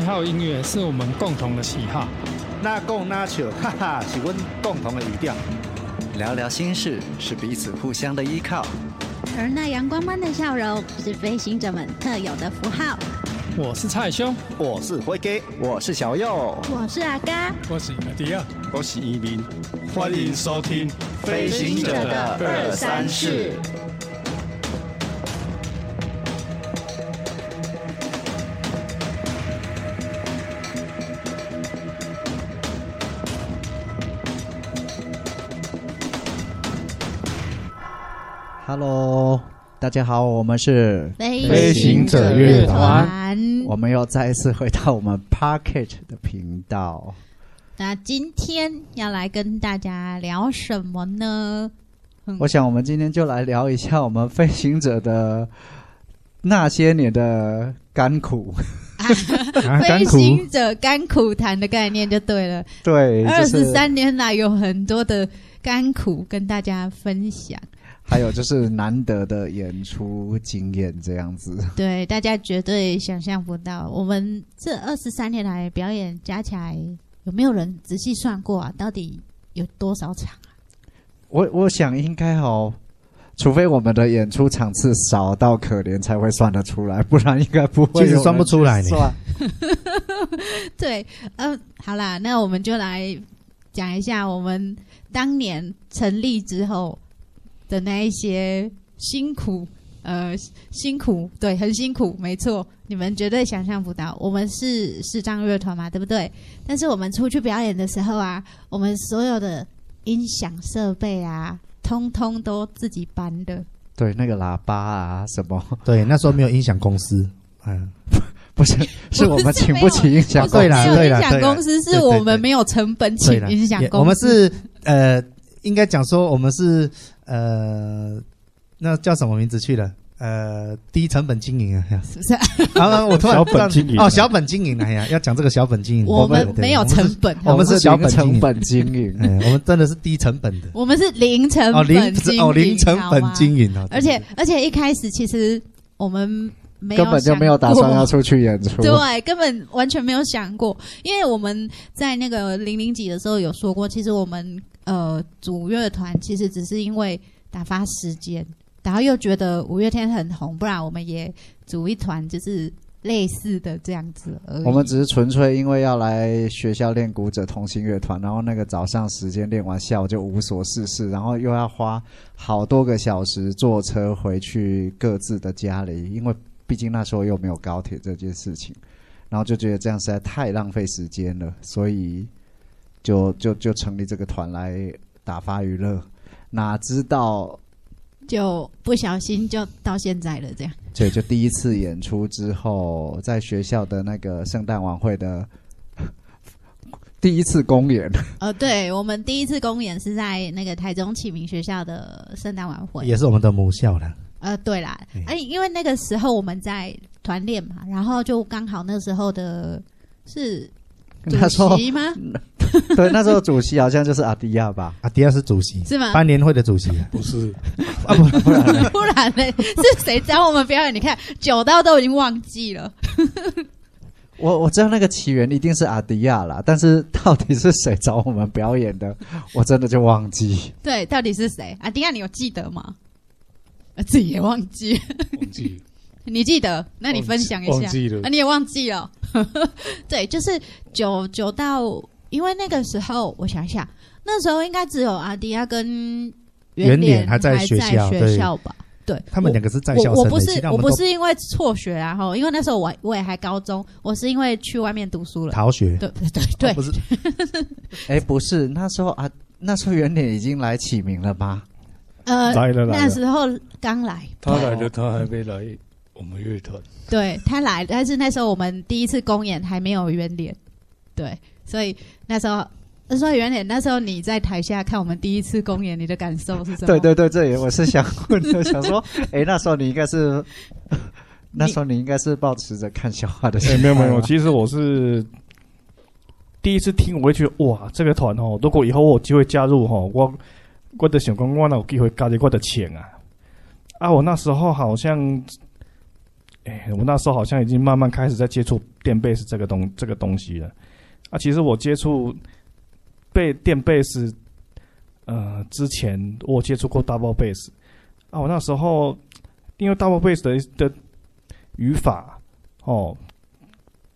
愛好音樂是我們共同的喜好，那共拉手，哈哈，喜歡共同的語調，聊聊心事是彼此互相的依靠，而那陽光般的笑容是飛行者們特有的符號。我是蔡兄，我是輝哥，我是小佑，我是阿嘎，我是迪亞，我是一鳴。歡迎收聽《飛行者的二三事》。Hello，大家好，我們是飛行者樂團，樂團，我們又再一次回到我們 Podcast 的頻道。那今天要來跟大家聊什麼呢？我想我們今天就來聊一下我們飛行者的那些年的甘苦。 飛行者甘苦談的概念就對了。對，二十三年來有很多的甘苦跟大家分享。還有就是難得的演出經驗這樣子。 對，對大家絕對想象不到。我們這二十三年來表演加起來，有沒有人仔細算過啊？到底有多少場啊？我我想應該哈、喔，除非我們的演出場次少到可憐，才會算得出來，不然應該不會。其實有算不出來，你說。對，嗯、呃，好啦，那我們就來講一下我們當年成立之後。的那一些辛苦，呃，辛苦，對，很辛苦，沒錯，你們絕對想象不到。我們是是張樂團嘛，對不對？但是我們出去表演的時候啊，我們所有的音響設備啊，通通都自己搬的。對，那個喇叭啊，什麼？對，那時候沒有音響公司，嗯、啊啊哎，不是， 不是，是我們請不起音響。對啦，對啦，音響公司是我們沒有成本請音響公司。我們是呃，應該講說我們是。呃，那叫什麼名字去了？呃，低成本經營啊，是不是？然後我突然哦，小本經營哎呀，要講這個小本經營。我們沒有成本，我們是小本經營。我們真的是低成本的。我們是零成本哦，零哦零成本經營啊。而且而且一開始其實我們根本就沒有打算要出去演出，對，根本完全沒有想過，因為我們在那個零零幾的時候有說過，其實我們。呃，組樂團其實只是因為打發時間，然後又覺得五月天很紅，不然我們也組一團，就是類似的這樣子而已。我們只是純粹因為要來學校練鼓者同心樂團，然後那個早上時間練完下午就無所事事，然後又要花好多個小時坐車回去各自的家裡，因為畢竟那時候又沒有高鐵這件事情，然後就覺得這樣實在太浪費時間了，所以。就就就成立這個團來打發娛樂，哪知道就不小心就到現在了這樣。對，就第一次演出之後，在學校的那個聖誕晚會的第一次公演。呃，對，我們第一次公演是在那個台中啟明學校的聖誕晚會，也是我們的母校了。呃，對啦，哎、欸欸，因為那個時候我們在團練嘛，然後就剛好那時候的是。那時候，主席嗎 對，那時候主席好像就是阿迪亞吧？阿迪亞是主席，是嗎？班聯會的主席？嗯、不是，啊不，不然， 不然呢？是誰找我們表演？你看久到都已經忘記了。 我我知道那個起源一定是阿迪亞啦，但是到底是誰找我們表演的，我真的就忘記。對，到底是誰？阿迪亞，你有記得嗎？自己也忘記， 忘記。你記得？那你分享一下。啊，你也忘記了。呵呵對，就是九九到，因為那個時候我想想，那時候應該只有阿迪亞、啊、跟圓臉還在學校吧，對，他們兩個是在校生我我。我不是我不是因為輟學、啊，然後因為那時候我我也還高中，我是因為去外面讀書了，逃學。對對對、對。哎、啊，不是那時候啊，那時候圓臉已經來啟明了吧，呃，來了來了，那時候剛來。他來了，他還沒來。我們樂團，對他來，但是那時候我們第一次公演還沒有圓臉，對，所以那時候、就是、說圓臉，那時候你在台下看我們第一次公演，你的感受是什麼？對對對，這裡我是想問， 想說，哎、欸，那時候你應該是，你 那時候你應該是抱持著看笑話的心、欸。沒有沒有，其實我是第一次聽我一句，我會覺得哇，這個團哦，如果以後我有機會加入齁，我我都想講，我哪有機會加入我的錢啊？啊，我那時候好像，我那時候好像已經慢慢開始在接觸電貝斯這個東這個東西了啊。其實我接觸被電貝斯，呃，之前我接觸過 double base 啊。我那時候因為 double base 的的，的語法哦，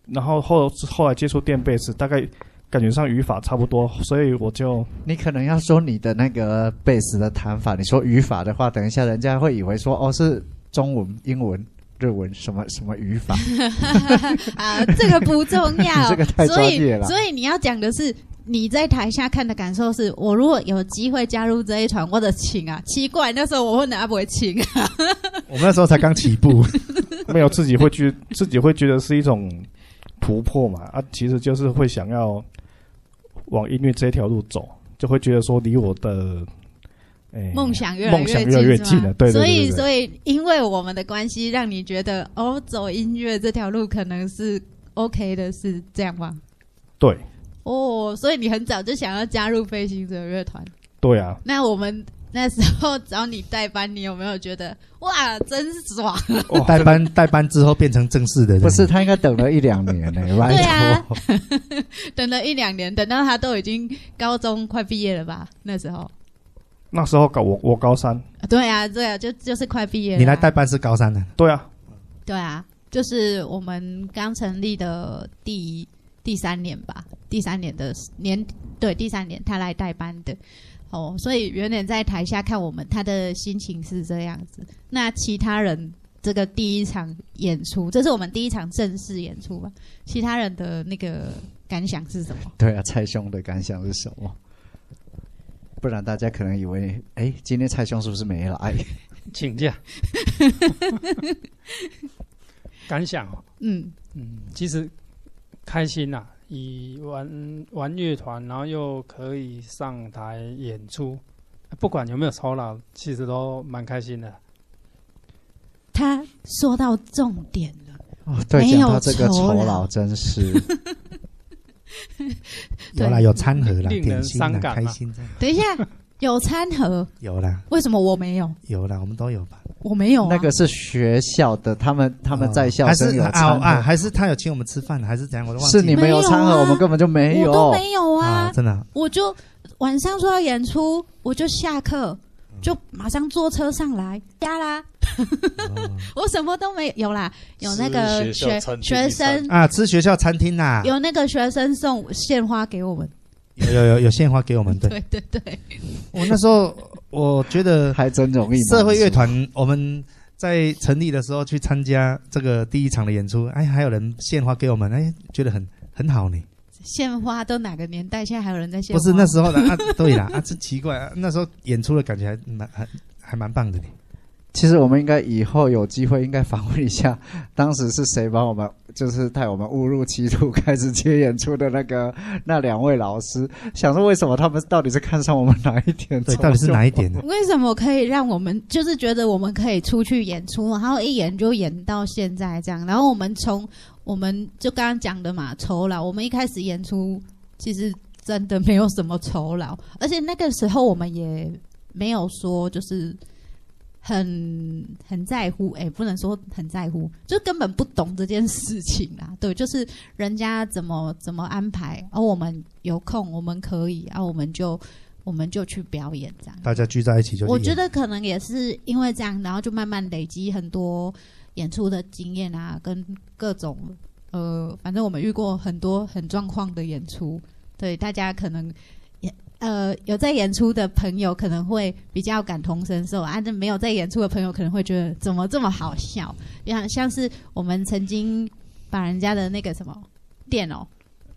然後後後來接觸電貝斯，大概感覺上語法差不多，所以我就，你可能要說你的那個 base 的彈法。你說語法的話，等一下人家會以為說哦，是中文、英文、日文什麼什麼語法 啊？這個不重要， 這個太專業了所。所以你要講的是你在台下看的感受是：我如果有機會加入這一團，或者請啊？奇怪，那時候我會拿不會請啊？ 我們那時候才剛起步，沒有自己會覺得 自己會覺得是一種突破嘛？啊，其實就是會想要往音樂這一條路走，就會覺得說，你我的。夢想越來越近了嗎？所以，所以，因為我們的關係，讓你覺得哦，走音樂這條路可能是 OK 的，是這樣嗎？對。哦，所以你很早就想要加入飛行者樂團。對啊。那我們那時候找你代班，你有沒有覺得哇，真爽？哦、代班，代班之後變成正式的人， 不是，他應該等了一兩年呢、欸。 不對啊， 等了一兩年，等到他都已經高中快畢業了吧？那時候。那時候搞我我高三，對啊對啊，就就是快畢業了。你來代班是高三的，對啊，對啊，就是我們剛成立的第一第三年吧，第三年的年對，第三年他來代班的。哦，所以原來在台下看我們，他的心情是這樣子。那其他人這個第一場演出，這是我們第一場正式演出吧？其他人的那個感想是什麼？ 對啊，蔡兄的感想是什麼？不然大家可能以為，哎，今天蔡兄是不是沒了？哎、請假，感 想，哦，嗯嗯，其實開心啊。以玩玩樂團，然後又可以上台演出，不管有沒有酬勞，其實都蠻開心的。他說到重點了，哦，對講到有 這個酬勞，老真是。 有了，有餐盒了，啊，點心了，開心、啊。等一下，有餐盒。 有了啦，為什麼我沒有？有了，我們都有吧？我沒有、啊，那個是學校的，他們他們在校生有餐盒、哦，還是啊啊啊，還是他有請我們吃飯還是怎樣？我都忘記了。是你沒有餐盒，啊、我們根本就沒有，都沒有啊！啊真的、啊，我就晚上說要演出，我就下課。就馬上坐車上來，呀啦！ 我什麼都沒有啦，有那個學學，學生啊，吃學校餐廳吶、啊，有那個學生送獻花給我們，有有有有獻花給我們，對對對對。我那時候我覺得還真容易。社會樂團我們在成立的時候去參加這個第一場的演出，哎，還有人獻花給我們，哎，覺得很很好呢、欸。獻花都哪個年代？現在還有人在獻花？不是那時候的啊，對啦， 啊，真奇怪啊，那時候演出的感覺還蠻、還、還蠻棒的。其實我們應該以後有機會應該訪問一下，當時是誰把我們就是帶我們誤入歧途，開始接演出的那個那兩位老師，想說為什麼他們到底是看上我們哪一點，對麼到底是哪一點呢？為什麼可以讓我們就是覺得我們可以出去演出，然後一演就演到現在這樣？然後我們從我們就剛剛講的嘛，酬勞，我們一開始演出其實真的沒有什麼酬勞，而且那個時候我們也沒有說就是。很很在乎，哎、欸，不能說很在乎，就根本不懂這件事情啦。對，就是人家怎麼怎麼安排，而、啊、我們有空，我們可以啊，我們就我們就去表演這樣，大家聚在一起就演。我覺得可能也是因為這樣，然後就慢慢累積很多演出的經驗啊，跟各種呃，反正我們遇過很多很狀況的演出，對，大家可能。呃，有在演出的朋友可能會比較感同身受啊，那沒有在演出的朋友可能會覺得怎麼這麼好笑？你像是我們曾經把人家的那個什麼電哦，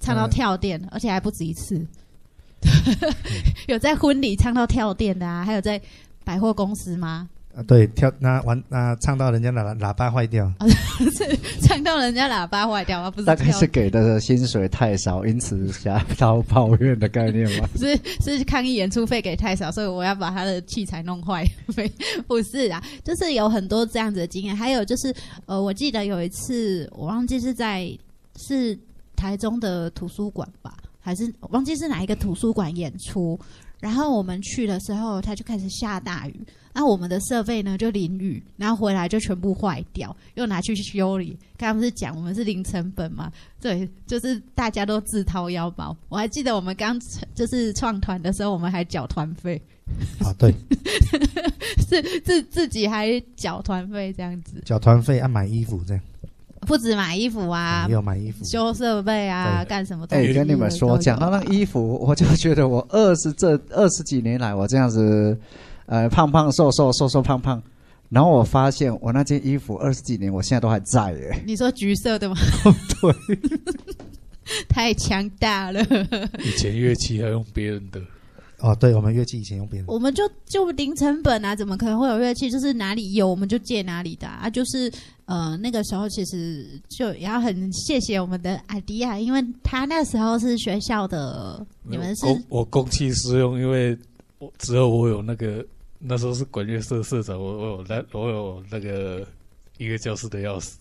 唱到跳電，嗯。而且還不止一次。 有在婚禮唱到跳電的啊，還有在百貨公司嗎？啊，對，跳那玩那唱到人家喇叭壞掉，哦、是唱到人家喇叭壞掉嗎？不是，大概是給的薪水太少， 因此嚇到抱怨的概念嗎？是是抗議演出費給太少，所以我要把他的器材弄壞， 不是啦，就是有很多這樣子的經驗。還有就是，呃，我記得有一次，我忘記是在是台中的圖書館吧，還是忘記是哪一個圖書館演出。然後我們去的時候，他就開始下大雨。那我們的設備呢，就淋雨，然後回來就全部壞掉，又拿去修理。剛剛不是講我們是零成本嘛？對，就是大家都自掏腰包。我還記得我們剛成就是創團的時候，我們還繳團費。啊，對， 是自自己還繳團費這樣子，繳團費還、啊、買衣服這樣，不止買衣服啊，有買，買衣服，修設備啊，對幹什麼東西都、欸、跟你們說有講到那衣服，我就覺得我二十這二十幾年來我這樣子。呃，胖胖瘦瘦瘦瘦、瘦胖胖、胖，然後我發現我那件衣服二十幾年，我現在都還在耶，欸。你說橘色的嗎？ 對嗎？對，太強大了。以前樂器要用別人的，哦，對，我們樂器以前用別人的，我們就就零成本啊，怎麼可能會有樂器？就是哪裡有我們就借哪裡的啊，啊就是呃那個時候其實就也要很謝謝我們的阿迪亞，因為他那時候是學校的，有你們是。我，我公器私用，因為我只有我有那個。那時候是管樂社社長，我我有我有那個一個教室的鑰匙。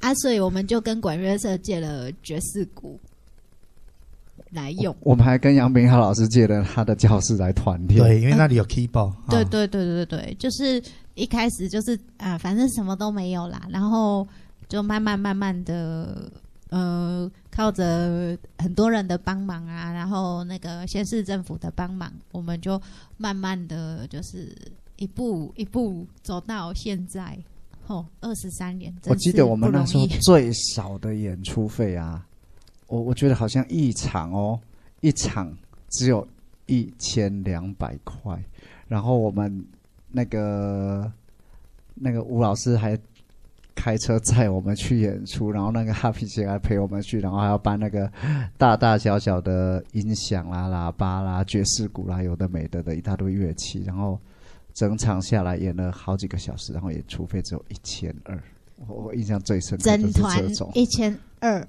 啊，所以我們就跟管樂社借了爵士鼓來用。我，我們還跟楊明浩老師借了他的教室來團練。對，因為那裡有 keyboard。對對對對對對，就是一開始就是啊，反正什麼都沒有啦，然後就慢慢慢慢的。呃，靠着很多人的幫忙啊，然後那個縣市政府的幫忙，我們就慢慢的就是一步一步走到現在，吼、哦，二十三年。我記得我們那時候最少的演出費啊，我我覺得好像一場哦，一場只有一千兩百塊，然後我們那個那個吳老師還。開車載我們去演出，然後那個哈皮姐還陪我們去，然後還要搬那個大大小小的音響啦、喇叭啦、爵士鼓啦，有的沒的的一大堆樂器，然後整場下來演了好幾個小時，然後演出費只有一千二，我印象最深的，是這種一千二，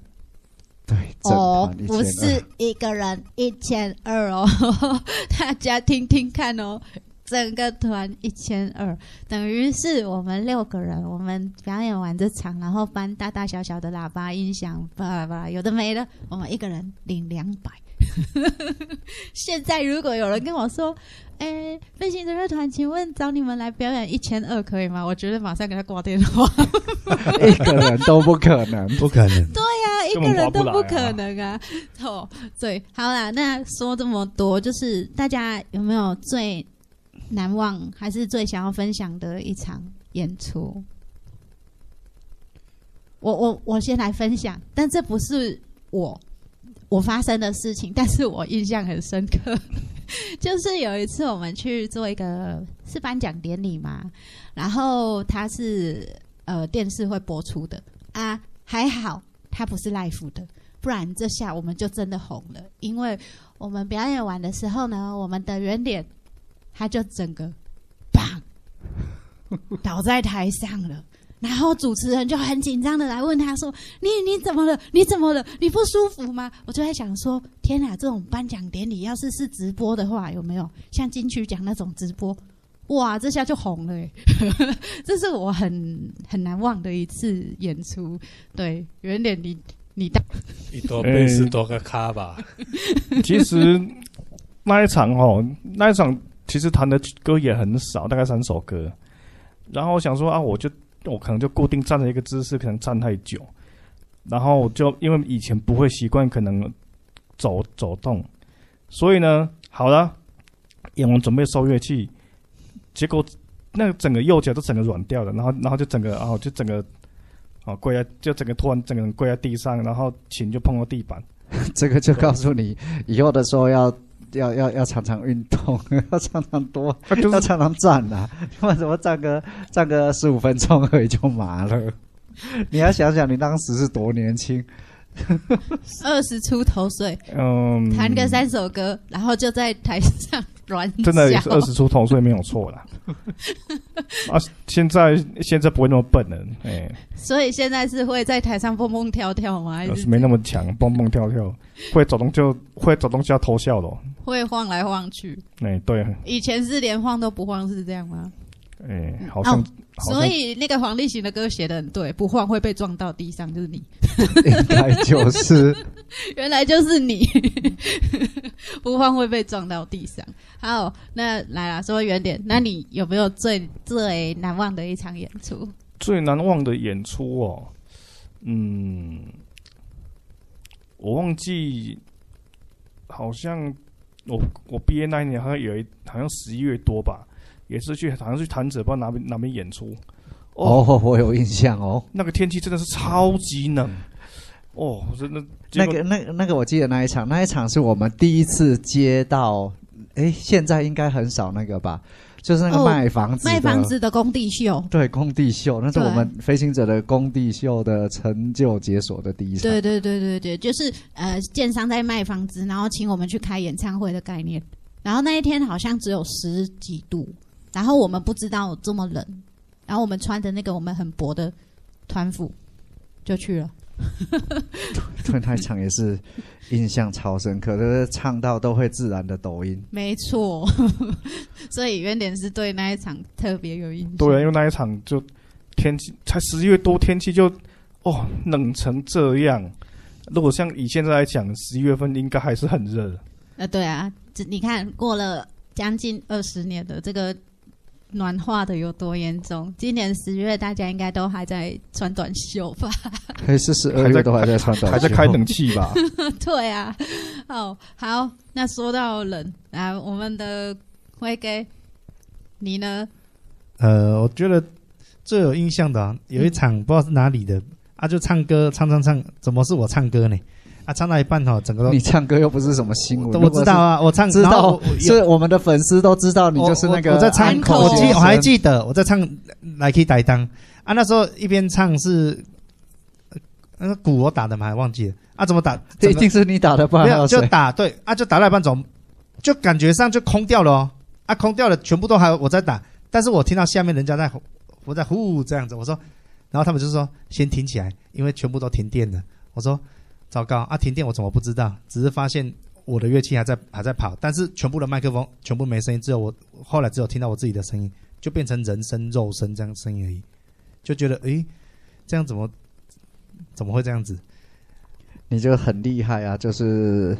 對，哦，不是一個人一千二哦， 大家聽聽看哦。整個團一千二，等於是我們六個人，我們表演完這場，然後搬大大小小的喇叭音響、音響、巴拉巴拉，有的沒的，我們一個人領兩百。 現在如果有人跟我說：“哎、欸，飛行者樂團，請問找你們來表演一千二可以嗎？”我覺得馬上給他掛電話， 一個人都不可能，不可能。 對呀、啊，一個人都不可能啊！哦、啊，對， 好啦，那說這麼多，就是大家有沒有最？難忘還是最想要分享的一場演出。我我我先來分享，但這不是我我發生的事情，但是我印象很深刻。 就是有一次我們去做一個，是頒獎典禮嘛，然後它是呃電視會播出的啊，還好它不是 live 的，不然這下我們就真的紅了。因為我們表演完的時候呢，我們的原點。他就整個砰倒在台上了。然後主持人就很緊張的來問他說：“你你怎麼了？你怎麼了？你不舒服嗎？”我就在想說：“天哪、啊！這種頒獎典禮要是是直播的話，有沒有像金曲獎那種直播？哇！這下就紅了耶。 ”這是我很很難忘的一次演出。對，原點你，你你到，你多背是多個卡吧、欸。 其實那一場哦，那一場。其實彈的歌也很少，大概三首歌。然後我想說啊，我就我可能就固定站了一個姿勢，可能站太久。然後我就因為以前不會習慣，可能走走動。所以呢，好了，因為我們準備收樂器，結果那個整個右腳都整個軟掉了，然後然後就整個啊，就整個哦跪、啊、在就整個突然整個人跪在地上，然後琴就碰到地板。這個就告訴你以，以後的時候要。要要要常常運動，要常常多，啊就是、要常常站吶、啊。為什麼站個站個十五分鐘而已就麻了？你要想想，你當時是多年輕？二十出頭歲，嗯，彈個三首歌，然後就在台上軟。真的也是二十出頭歲沒有錯啦。 啊，現在現在不會那麼笨了，哎、欸。所以現在是會在台上蹦蹦跳跳嗎？還是沒那麼強對 蹦蹦跳跳，會走動就 會走動就要偷笑了。會晃來晃去。哎、欸，對。以前是連晃都不晃，是這樣嗎？哎、欸，好像。哦、好像，所以那個黃立行的歌寫得很對，不晃會被撞到地上，就是你。原來就是。 原來就是你。 不晃會被撞到地上。好，那來了說遠點，那你有沒有最最難忘的一場演出？最難忘的演出哦，嗯，我忘記，好像。我我畢業那一年好像有一好像十一月多吧，也是去好像是去潭子不知道哪邊哪邊演出。哦，哦，我有印象哦。那個天氣真的是超級冷。嗯、哦，真的。那個那個，那個我記得那一場那一場是我們第一次接到，哎、欸，現在應該很少那個吧。就是那個賣房子，哦，賣房子的工地秀，對，工地秀，那是我們飛行者的工地秀的成就解鎖的第一場。對對對對對，就是呃，建商在賣房子，然後請我們去開演唱會的概念。然後那一天好像只有十幾度，然後我們不知道這麼冷，然後我們穿的那個我們很薄的團服就去了。 對，對那一場也是印象超深刻的 就是唱到都會自然的抖音，沒錯。 所以原點是對那一場特別有印象，對啊，因為那一場就天氣才十一月多，天氣就哦冷成這樣。如果像以現在來講，十一月份應該還是很熱。呃，對啊，你看過了將近二十年的這個。暖化的有多嚴重？今年十月大家應該都還在穿短袖吧？還是十二月都還在穿，還在，還在開冷氣吧？ 對啊，哦，好，那說到冷來我們的輝哥，你呢？呃，我覺得最有印象的、啊、有一場，不知道是哪裡的、嗯、啊，就唱歌，唱唱唱，怎麼是我唱歌呢？啊，唱到一半哦，整個都你唱歌又不是什麼新聞，我知道啊，我唱歌知道，是我，我們的粉絲都知道，你就是那個。我在唱，我記我還記得，我在唱《Nike》當啊，那時候一邊唱是，那、啊、個鼓我打的嘛，還忘記了啊，怎麼打？這一定是你打的吧？沒有有就打對啊，就打到一半總，就感覺上就空掉了哦，啊，空掉了，全部都還我在打，但是我聽到下面人家在我在呼這樣子，我說，然後他們就說先停起來，因為全部都停電了，我說。糟糕啊！停電我怎麼不知道？只是發現我的樂器還在，還在跑，但是全部的麥克風全部沒聲音，只有我後來只有聽到我自己的聲音，就變成人聲、肉聲這樣聲音而已，就覺得哎，這樣怎麼怎麼會這樣子？你就很厲害啊，就是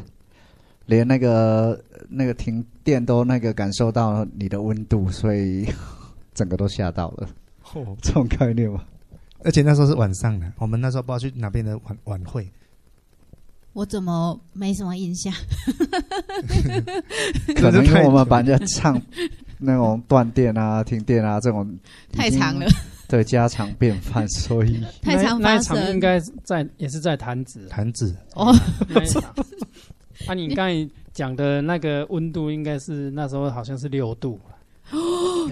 連那個那個停電都那個感受到了你的溫度，所以整個都嚇到了。哦，這種概念吧？而且那時候是晚上的，我們那時候不知道去哪邊的晚晚會。我怎麼沒什麼印象？ 可能因為我們班正唱那種斷電啊、停電啊這種太常了，對家常便飯，所以太長。那場應該在也是在彈子，彈子哦、嗯啊。那、 啊、你剛才講的那個溫度應該是那時候好像是六度，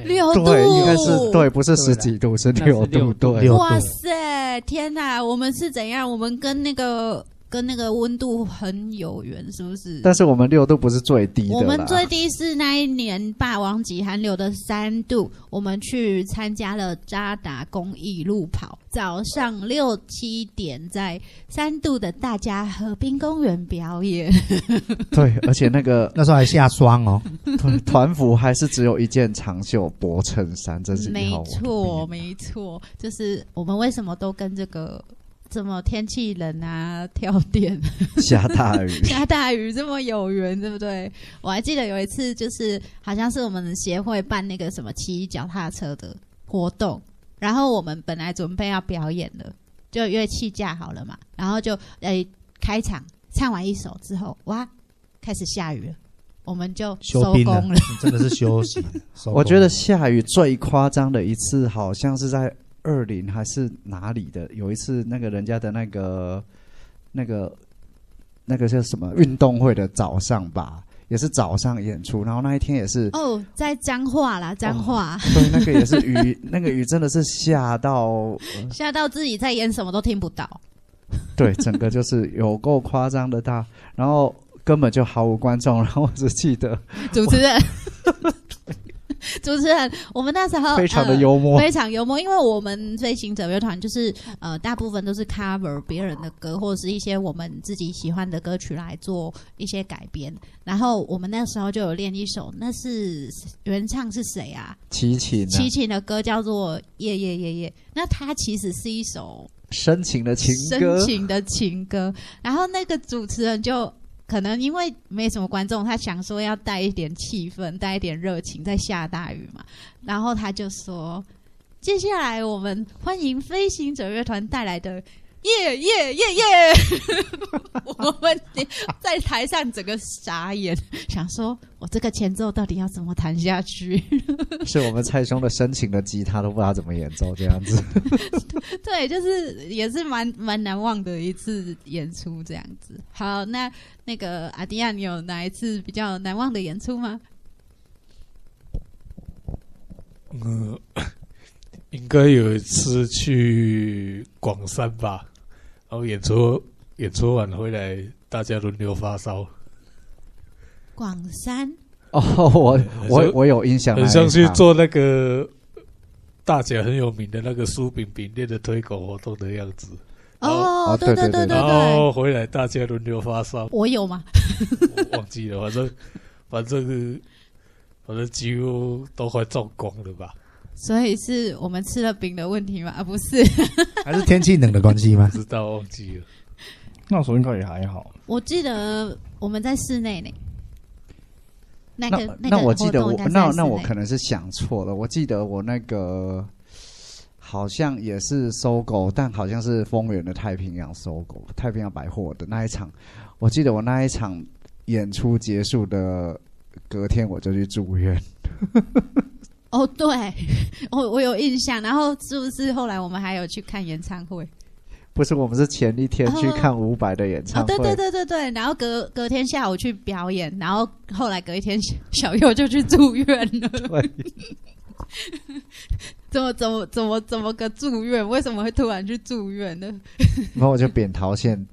六度，對，應該是對，不是十幾度，是六度，對，六度對，度哇塞，天哪、啊，我們是怎樣？我們跟那個。跟那個溫度很有緣，是不是？但是我們六度不是最低的，我們最低是那一年霸王級寒流的三度。我們去參加了渣打公益路跑，早上六七點在三度的大家河濱公園表演。 對，而且那個 那時候還下霜哦、喔，團 服還是只有一件長袖薄襯衫，真是的沒錯沒錯，就是我們為什麼都跟這個。怎麼天氣冷啊？跳電，下大雨，下大雨這麼有緣，對不對？我還記得有一次，就是好像是我們協會辦那個什麼騎腳踏車的活動，然後我們本來準備要表演了，就樂器架好了嘛，然後就誒、欸、開場唱完一首之後，哇，開始下雨了，我們就收工了，了你真的是休息了。收工了。我覺得下雨最誇張的一次，好像是在。二零還是哪裡的？有一次那個人家的那個、那個、那個叫什麼運動會的早上吧，也是早上演出，然後那一天也是哦，在彰化啦，彰化，哦，對，那個也是雨， 那個雨真的是下到下到自己在演什麼都聽不到，對，整個就是有夠誇張的大，然後根本就毫無觀眾，然後我只記得主持人。哇 主持人，我們那時候非常的幽默、呃，非常幽默，因為我們飛行者樂團就是呃，大部分都是 cover 別人的歌，或者是一些我們自己喜歡的歌曲來做一些改編。然後我們那時候就有練一首，那是原唱是誰啊？齊秦、啊。齊秦的歌叫做《夜夜夜夜》，那它其實是一首深情的情歌。深情的情歌。然後那個主持人就。可能因為沒什麼觀眾，他想說要帶一點氣氛，帶一點熱情，在下大雨嘛，然後他就說：“接下來我們歡迎飛行者樂團帶來的。”耶耶耶耶！我們在臺上整個傻眼，想說我這個前奏到底要怎麼彈下去 ？是我們蔡兄的深情的吉他都不知道怎麼演奏，這樣子。 對，就是也是蠻蠻難忘的一次演出，這樣子。好，那那個阿迪亞，你有哪一次比較難忘的演出嗎？嗯，應該有一次去廣三吧。然後演出，演出完回來，大家輪流發燒。廣山，哦，我我我有印象，很像，他他像去做那個大甲很有名的那個酥餅餅店的推廣活動的樣子。哦，對對對對對。然後回來大家輪流發燒。我有嗎？ 我忘記了，反正反正是反正幾乎都快中光了吧。所以是我們吃了餅的問題嗎？啊，不是，還是天氣冷的關係嗎？知道，忘記了。那時候應該也還好。我記得我們在室內呢、欸。那個、那我記得我那個、那，那我可能是想錯了。我記得我那個好像也是搜、so、狗，go, 但好像是豐原的太平洋搜、so、狗，go, 太平洋百貨的那一場。我記得我那一場演出結束的隔天，我就去住院。 哦，oh, 對，我我有印象。然後是不是後來我們還有去看演唱會？不是，我們是前一天去看伍佰的演唱會。Oh, oh, 對對對對對。然後隔隔天下午去表演。然後後來隔一天小，小佑就去住院了。對 怎麼怎麼怎麼怎麼個住院？為什麼會突然去住院呢？ 然後我就扁桃腺。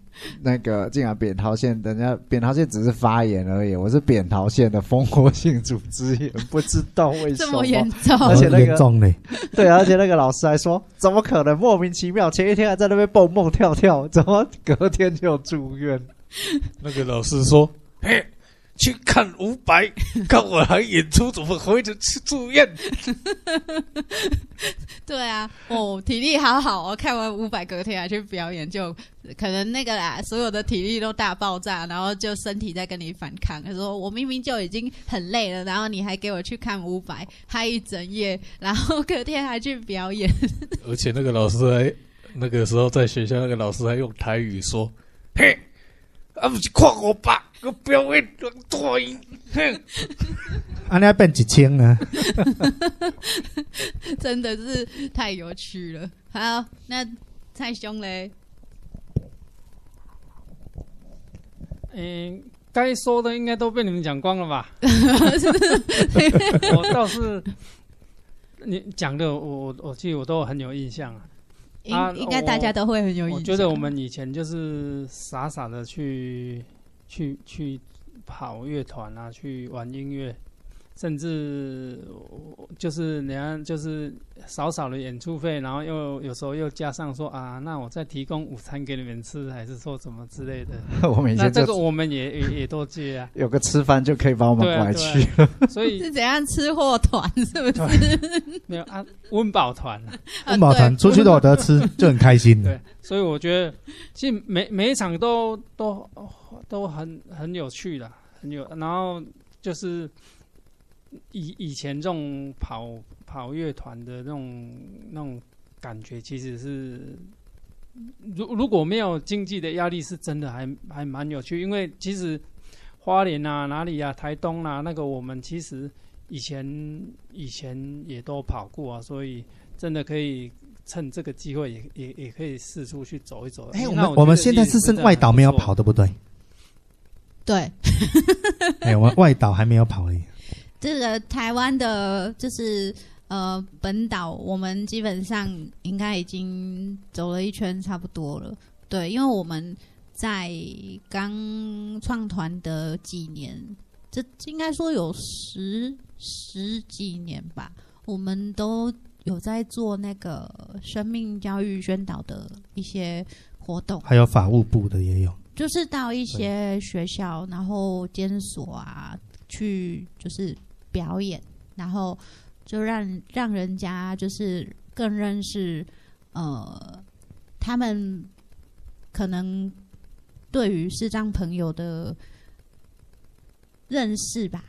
那個竟然扁桃腺，人家扁桃腺只是發炎而已。我是扁桃腺的蜂窩性組織炎，不知道為什麼這麼嚴重，而且那個對，而且那個老師還說，怎麼可能莫名其妙？前一天還在那邊蹦蹦跳跳，怎麼隔天就住院？那個老師說。嘿去看伍佰，看我還演出怎麼回着去住院？ 對啊，哦，體力好好哦，看完伍佰，隔天還去表演，就可能那個啦，所有的體力都大爆炸，然後就身體在跟你反抗。他、就是、說：“我明明就已經很累了，然後你還給我去看伍佰，嗨一整夜，然後隔天還去表演。”而且那個老師還 那個時候在學校，那個老師還用台語說：“嘿。”啊，不是看我爸，我表現很退。哼，安尼還變一千啊？ 真的是太有趣了。好，那蔡兄嘞，嗯、呃，該說的應該都被你們講光了吧？ 我倒是，你講的我，我我我記得我都很有印象啊。啊、應應該大家都會很有意思。我覺得我們以前就是傻傻的去去去跑樂團啊，去玩音樂。甚至就是你看，就是少少的演出費，然後又有時候又加上說啊，那我再提供午餐給你們吃，還是說什麼之類的。 我們以前就，這個我們也 也都借啊。有個吃飯就可以把我們拐去。對啊，對啊，所以 是怎樣吃貨團是不是？ 沒有啊，溫飽團，溫飽團出去的話有得吃就很開心。對，溫 溫 對，所以我覺得其實每每一場都都都很很有趣的，很有，然後就是。以以前這種跑跑樂團的那種那種感覺，其實是如如果沒有經濟的壓力，是真的還還蠻有趣。因為其實花蓮啊、哪裡啊、台東啊，那個我們其實以前以前也都跑過啊，所以真的可以趁這個機會也也也可以四處去走一走。哎、欸，我們我，我們現在是是外島沒有跑，對不對？對。哎、 欸，我們外島還沒有跑而、欸、已。這個台灣的，就是呃本島，我們基本上應該已經走了一圈差不多了。對，因為我們在剛創團的幾年，這應該說有十十幾年吧，我們都有在做那個生命教育宣導的一些活動，還有法務部的也有，就是到一些學校，然後監所啊，去就是。表演，然後就讓讓人家就是更認識，呃，他們可能對於視障朋友的認識吧，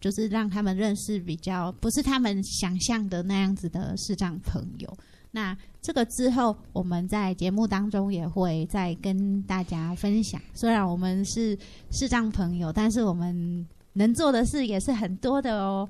就是讓他們認識比較不是他們想象的那樣子的視障朋友。那這個之後，我們在節目當中也會再跟大家分享。雖然我們是視障朋友，但是我們。能做的事也是很多的哦，！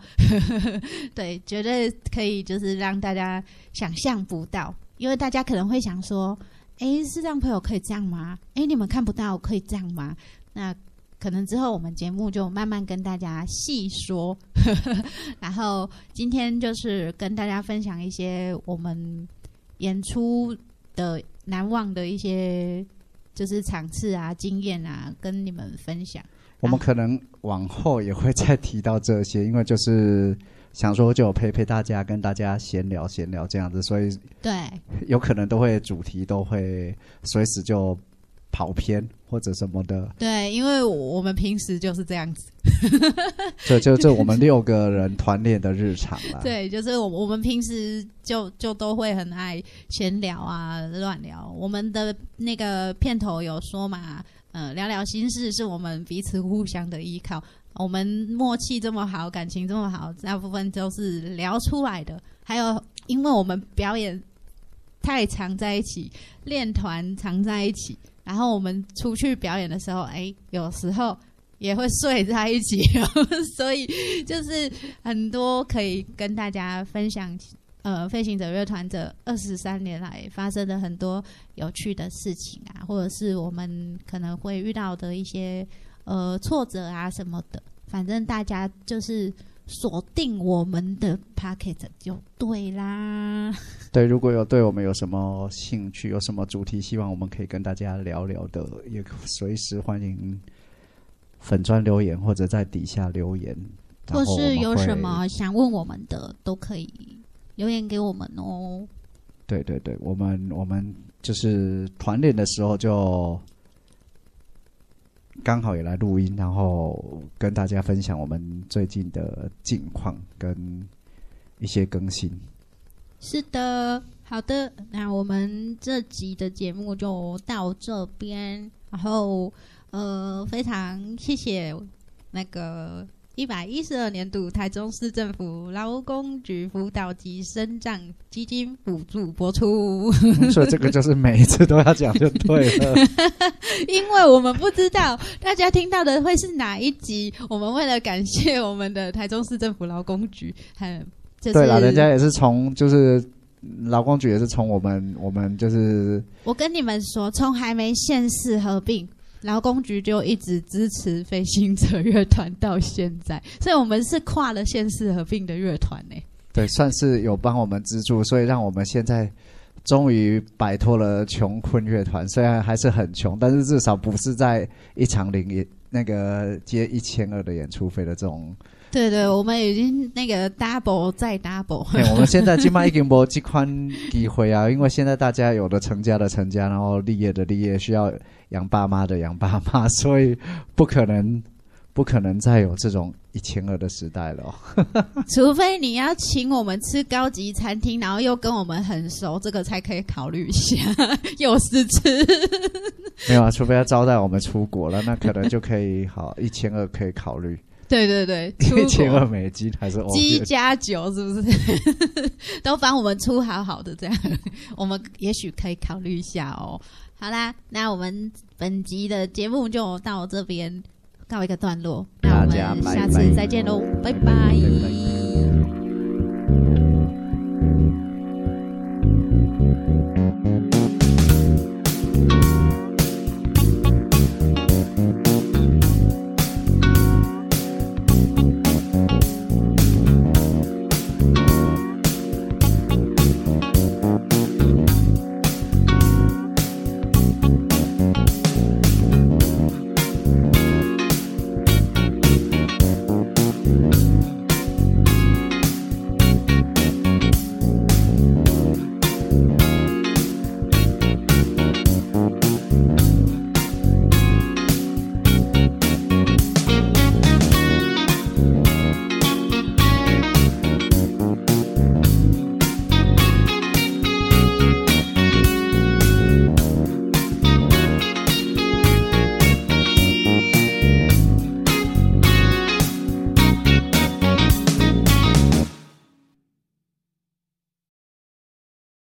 對，絕對可以，就是讓大家想象不到，因為大家可能會想說，哎、欸，視障朋友可以這樣嗎？哎、欸，你們看不到可以這樣嗎？那可能之後我們節目就慢慢跟大家細說， 然後今天就是跟大家分享一些我們演出的難忘的一些就是場次啊、經驗啊，跟你們分享。我們可能往後也會再提到這些，啊、因為就是想說就陪陪大家，跟大家閒聊閒聊這樣子，所以對，有可能都會主題都會隨時就跑偏或者什麼的。對，因為我,我們平時就是這樣子，這 就這我們六個人團練的日常啦。 對，就是我們我們平時就就都會很愛閒聊啊，亂聊。我們的那個片頭有說嘛。嗯、呃，聊聊心事是我們彼此互相的依靠。我們默契這麼好，感情這麼好，大部分都是聊出來的。還有，因為我們表演太常在一起，練團常在一起，然後我們出去表演的時候，哎、欸，有時候也會睡在一起，呵呵，所以就是很多可以跟大家分享。呃，飛行者樂團這二十三年來發生了很多有趣的事情啊，或者是我們可能會遇到的一些呃挫折啊什麼的，反正大家就是鎖定我們的 podcast 就對啦。對，如果有對我們有什麼興趣，有什麼主題，希望我們可以跟大家聊聊的，也可以隨時歡迎粉專留言或者在底下留言，或是有什麼想問我們的都可以。留言給我們哦！對對對，我們我們就是團練的時候就剛好也來錄音，然後跟大家分享我們最近的近況跟一些更新。是的，好的，那我們這集的節目就到這邊，然後呃，非常謝謝那個。一百一十二年度台中市政府勞工局輔導及身障基金補助播出、嗯，所以這個就是每一次都要講就對了， 因為我們不知道大家聽到的會是哪一集。我們為了感謝我們的台中市政府勞工局，很、就是、對，老人家也是從就是勞工局也是從我們我們就是，我跟你們說，從還沒縣市合併。勞工局就一直支持飛行者樂團到現在，所以我們是跨了縣市合併的樂團呢。對，算是有幫我們資助，所以讓我們現在終於擺脫了窮困樂團。雖然還是很窮，但是至少不是在一場零一，那個接一千二的演出費的這種，對對，嗯、我們已經那個 double 再 double。對，我們現在就 m 已經沒有這款機會啊， 因為現在大家有的成家的成家，然後立業的立業，需要養爸媽的養爸媽，所以不可能。不可能再有這種一千二的時代了。哦，除非你要請我們吃高級餐廳，然後又跟我們很熟，這個才可以考慮一下，有試吃。沒有啊，除非要招待我們出國了，那可能就可以。好，一千二可以考慮。對對對，一千二美金還是歐元？雞加酒是不是？ 都幫我們出好好的這樣，我們也許可以考慮一下哦。好啦，那我們本集的節目就到這邊告一個段落，那我們下次再見嘍，拜拜。